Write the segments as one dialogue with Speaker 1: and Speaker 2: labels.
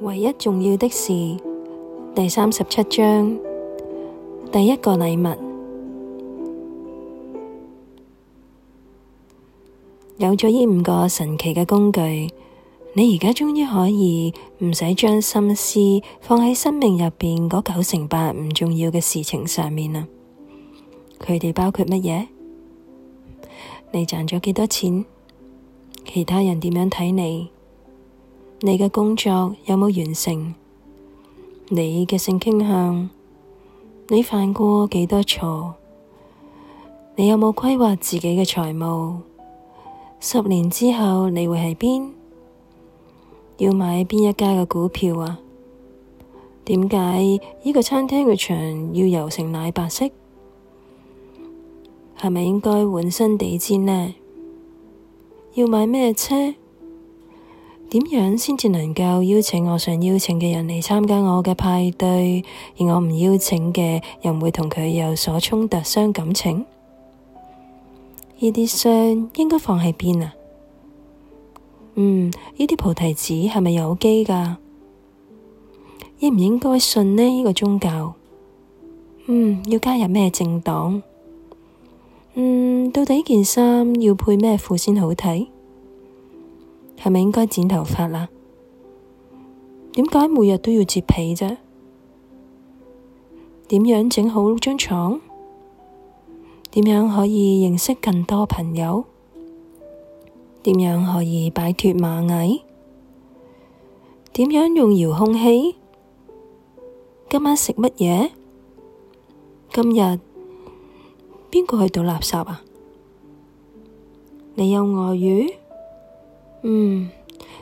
Speaker 1: 唯一重要的事，第三十七章，第一個禮物。有咗呢五個神奇嘅工具，你而家終於可以唔使將心思放喺生命入邊嗰九成八唔重要嘅事情上面啦。佢哋包括乜嘢？你賺咗幾多錢？其他人點樣睇你？你嘅工作有冇完成？你嘅性傾向？你犯過幾多錯？你有冇規劃自己嘅財務？十年之後你會喺邊？要買邊一家嘅股票啊？點解呢個餐廳嘅牆要油成奶白色？係咪應該換新地氈呢？要買咩車？點樣先至能夠邀請我想邀請嘅人嚟參加我嘅派對？而我唔邀請嘅又唔會同佢有所衝突傷感情？呢啲相應該放喺邊啊？嗯，呢啲菩提子係咪有機噶？應唔應該信呢？呢個宗教？嗯，要加入咩政黨？嗯，到底件衫要配咩褲先好睇？係咪應該剪頭髮啦？點解每日都要折被啫？點樣整好張床？點樣可以認識更多朋友？點樣可以擺脫螞蟻？點樣用遙控器？今晚食乜嘢？今日邊個去倒垃圾啊？你有外遇？嗯，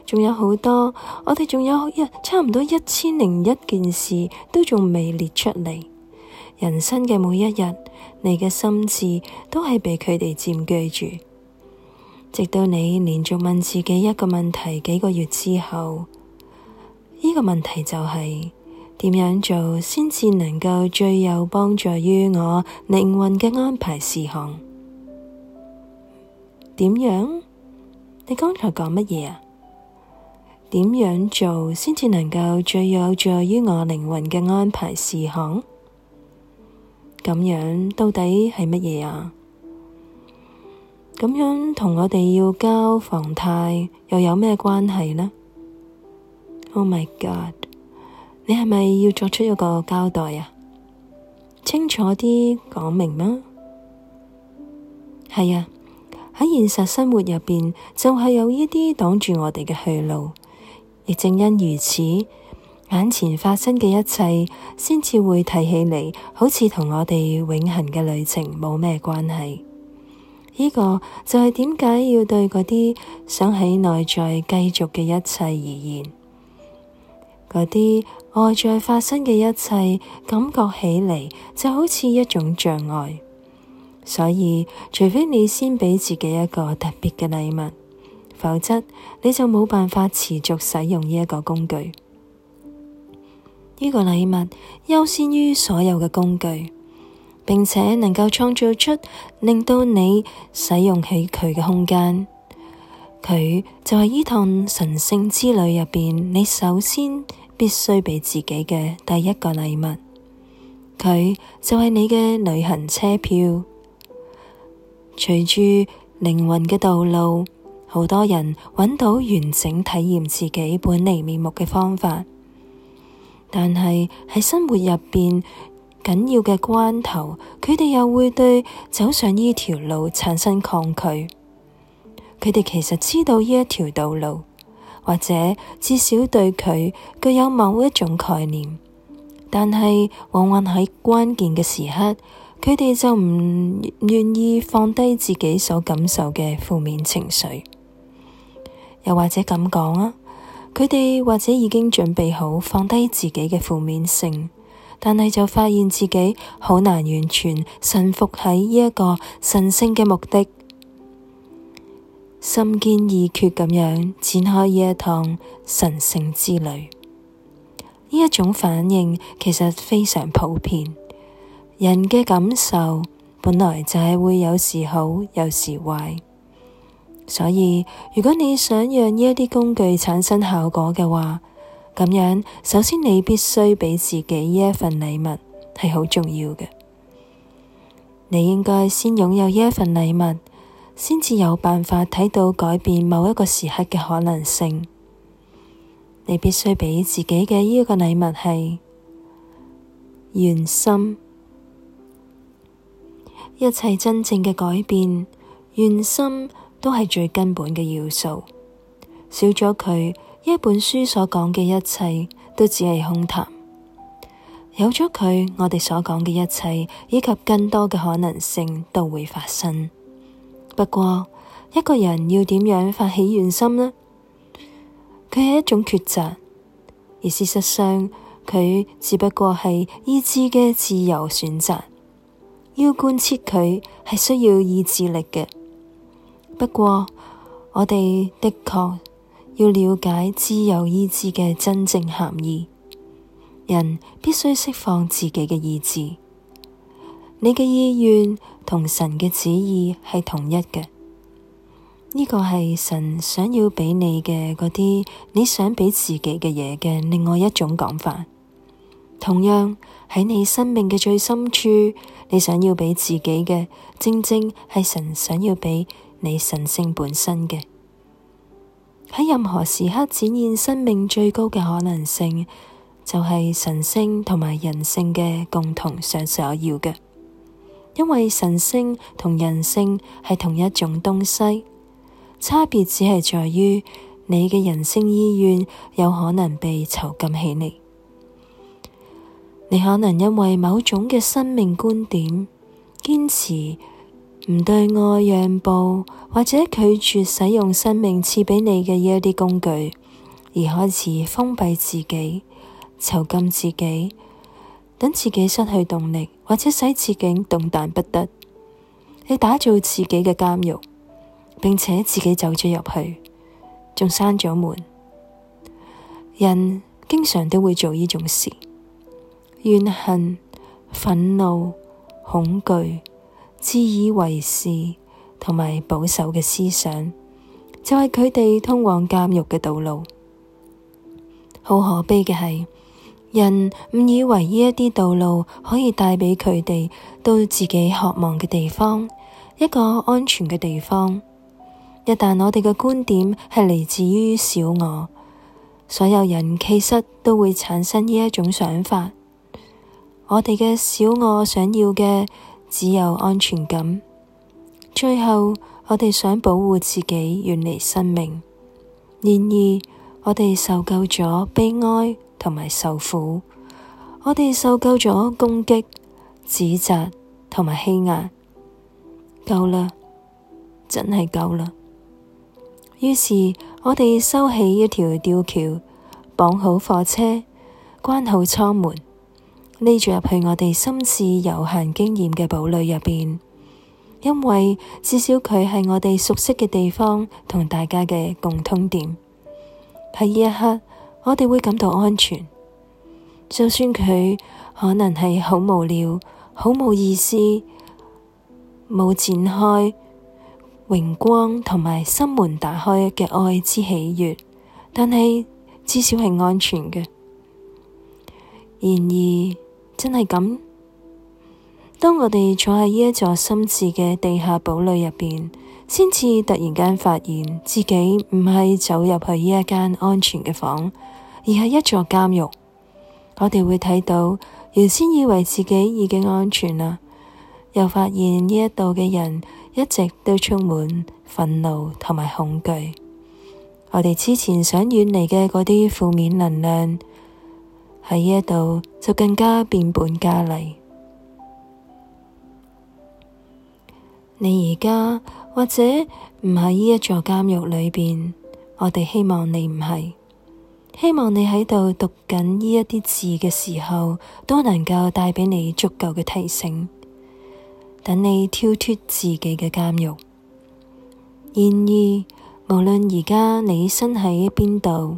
Speaker 1: 仲有好多，我哋仲有一差唔多一千零一件事都仲未列出嚟。人生嘅每一日，你嘅心智都係被佢哋佔據住，直到你連續問自己一個問題幾個月之後，呢、這個問題就係、是、點樣做先至能夠最有幫助於我靈魂嘅安排事項？點樣？你剛才講乜嘢啊？點樣做先至能夠最有助於我靈魂嘅安排事項？咁樣到底係乜嘢啊？咁樣同我哋要交房貸又有咩關係呢？Oh my god！你係咪要作出一個交代啊？清楚啲講明嗎？係啊。喺現實生活入邊，就係有呢啲擋住我哋嘅去路，亦正因如此，眼前發生嘅一切，先至會睇起嚟，好似同我哋永恒嘅旅程冇咩關係。呢個就係點解要對嗰啲想起內在繼續嘅一切而言，嗰啲外在發生嘅一切，感覺起嚟就好似一種障礙。所以，除非你先畀自己一個特別嘅禮物，否則你就冇辦法持續使用呢一個工具。呢個禮物優先於所有嘅工具，並且能夠創造出令到你使用起佢嘅空間。佢就係呢趟神聖之旅入邊，你首先必須畀自己嘅第一個禮物。佢就係你嘅旅行車票。隨住靈魂嘅道路，好多人揾到完整體驗自己本嚟面目嘅方法，但係喺生活入邊緊要嘅關頭，佢哋又會對走上呢條路產生抗拒。佢哋其實知道呢一條道路，或者至少對佢具有某一種概念，但係往往喺關鍵嘅時刻。佢哋就唔願意放低自己所感受嘅負面情緒，又或者咁講啊，佢哋或者已經準備好放低自己嘅負面性，但係就發現自己好難完全臣服喺呢一個神聖嘅目的，心堅意決咁樣展開呢一趟神聖之旅，呢一種反應其實非常普遍。人嘅感受本來就係會有時好，有時壞，所以如果你想讓呢一啲工具產生效果嘅話，咁樣首先你必須畀自己呢一份禮物，係好重要嘅。你應該先擁有呢一份禮物，先至有辦法睇到改變某一個時刻嘅可能性。你必須畀自己嘅呢個禮物係原心。一切真正嘅改變，願心都係最根本嘅要素。少咗佢，一本書所講嘅一切都只係空談；有咗佢，我哋所講嘅一切以及更多嘅可能性都會發生。不過，一個人要點樣發起願心呢？佢係一種抉擇，而事實上，佢只不過係意志嘅自由選擇。要貫徹佢係需要意志力嘅，不過我哋的確要了解自由意志嘅真正含義。人必須釋放自己嘅意志，你嘅意願同神嘅旨意係同一嘅。呢、這個係神想要畀你嘅嗰啲你想畀自己嘅嘢嘅另外一種講法。同樣喺你生命嘅最深處，你想要畀自己嘅，正正係神想要畀你神性本身嘅。喺任何時刻展現生命最高嘅可能性，就係、是、神性同埋人性嘅共同上所要嘅。因為神性同人性係同一種東西，差別只係在於你嘅人性意願有可能被囚禁起嚟。你可能因為某種嘅生命觀點，堅持唔對外讓步，或者拒絕使用生命賜畀你嘅一啲工具，而開始封閉自己、囚禁自己，等自己失去動力，或者使自己動彈不得。你打造自己嘅監獄，並且自己走咗入去，仲閂咗門。人經常都會做呢種事。怨恨、憤怒、恐懼、自以為是同埋保守嘅思想，就係佢哋通往監獄嘅道路。好可悲嘅係，人誤以為呢一啲道路可以帶畀佢哋到自己渴望嘅地方，一個安全嘅地方。一旦我哋嘅觀點係嚟自於小我，所有人其實都會產生呢一種想法。我哋嘅小我想要嘅只有安全感，最後我哋想保護自己，遠離生命。然而我哋受夠咗悲哀同埋受苦，我哋受夠咗攻擊、指責同埋欺壓，夠啦，真係夠啦。於是我哋收起一條吊橋，綁好貨車，關好艙門。匿住入去我哋心智有限經驗嘅堡壘入邊，因為至少佢係我哋熟悉嘅地方，同大家嘅共通點。喺呢一刻，我哋會感到安全，就算佢可能係好無聊、好冇意思、冇展開榮光同埋心門打開嘅愛之喜悅，但係至少係安全嘅。然而，真係咁。當我哋坐喺呢一座心智嘅地下堡壘入邊，先至突然間發現自己唔係走入去呢一間安全嘅房，而係一座監獄。我哋會睇到原先以為自己已經安全啦，又發現呢一度嘅人一直都充滿憤怒同埋恐懼。我哋之前想遠離嘅嗰啲負面能量喺呢一度。就更加變本加厲。你而家或者唔喺呢一座監獄裏邊，我哋希望你唔係，希望你喺度讀緊呢一啲字嘅時候，都能夠帶畀你足夠嘅提醒，等你跳脱自己嘅監獄。然而，無論而家你身喺邊度。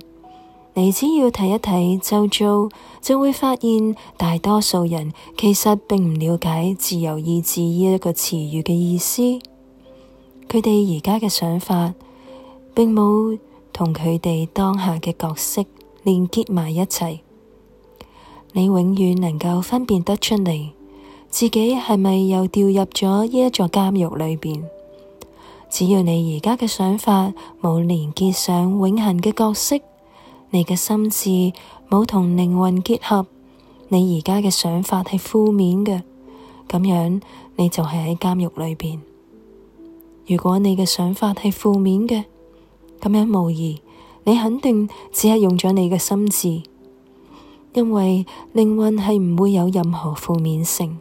Speaker 1: 你只要睇一睇周遭，就會發現大多數人其實並唔了解自由意志呢一個詞語嘅意思。佢哋而家嘅想法並冇同佢哋當下嘅角色連結埋一齊。你永遠能夠分辨得出嚟自己係咪又掉入咗呢一座監獄裏邊，只要你而家嘅想法冇連結上永恆嘅角色。你嘅心智冇同靈魂結合，你而家嘅想法係負面嘅，咁樣你就係喺監獄裏邊。如果你嘅想法係負面嘅，咁樣無疑你肯定只係用咗你嘅心智，因為靈魂係唔會有任何負面性。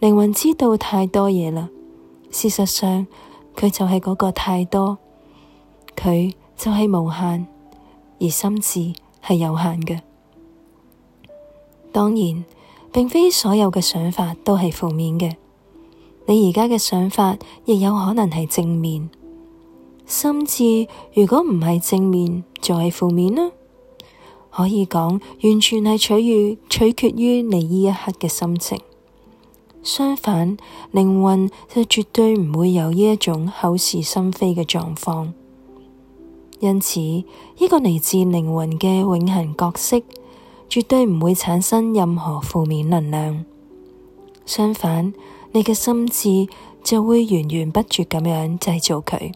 Speaker 1: 靈魂知道太多嘢啦，事實上佢就係嗰個太多，佢就係無限。而心智係有限嘅，當然並非所有嘅想法都係負面嘅。你而家嘅想法亦有可能係正面，心智如果唔係正面就係負面啦。可以講完全係取於取決於你呢一刻嘅心情。相反，靈魂就絕對唔會有呢一種口是心非嘅狀況。因此，呢個嚟自靈魂嘅永恆角色，絕對唔會產生任何負面能量。相反，你嘅心智就會源源不絕咁樣製造佢。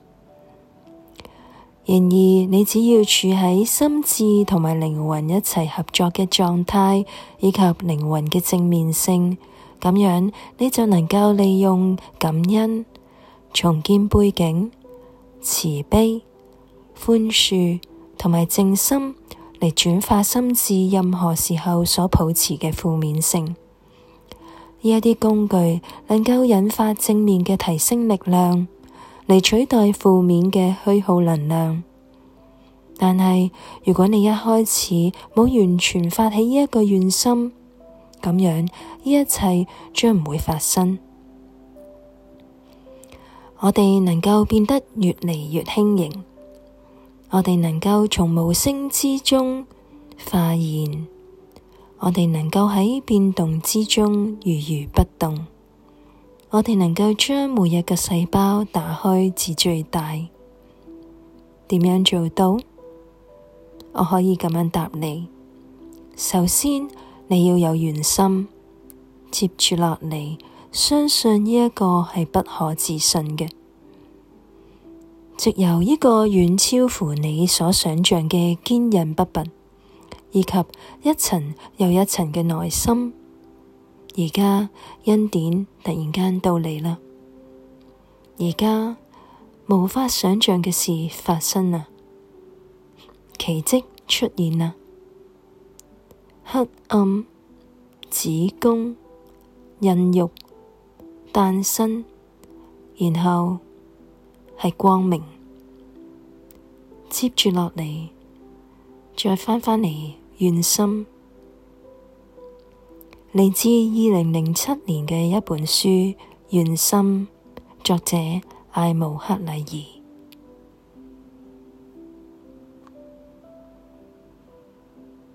Speaker 1: 然而，你只要處喺心智同埋靈魂一齊合作嘅狀態，以及靈魂嘅正面性，咁樣你就能夠利用感恩、重建背景、慈悲。寬恕同埋靜心嚟轉化心智，任何時候所抱持嘅負面性。呢一啲工具能夠引發正面嘅提升力量嚟取代負面嘅虛耗能量。但係如果你一開始冇完全發起呢一個願心，咁樣呢一切將唔會發生。我哋能夠變得越嚟越輕盈。我哋能夠從無聲之中發現，我哋能夠喺變動之中如如不動，我哋能夠將每日嘅細胞打開至最大。點樣做到？我可以咁樣答你：首先，你要有原心，接住落嚟，相信呢一個係不可置信嘅。藉由呢個遠超乎你所想象嘅堅韌不拔，以及一層又一層嘅耐心，而家恩典突然間到嚟啦！而家無法想象嘅事發生啦，奇蹟出現啦，黑暗、子宮、孕育、誕生，然後。係光明，接住落嚟，再翻返嚟。願心嚟自二零零七年嘅一本書《願心》，作者艾慕克利兒。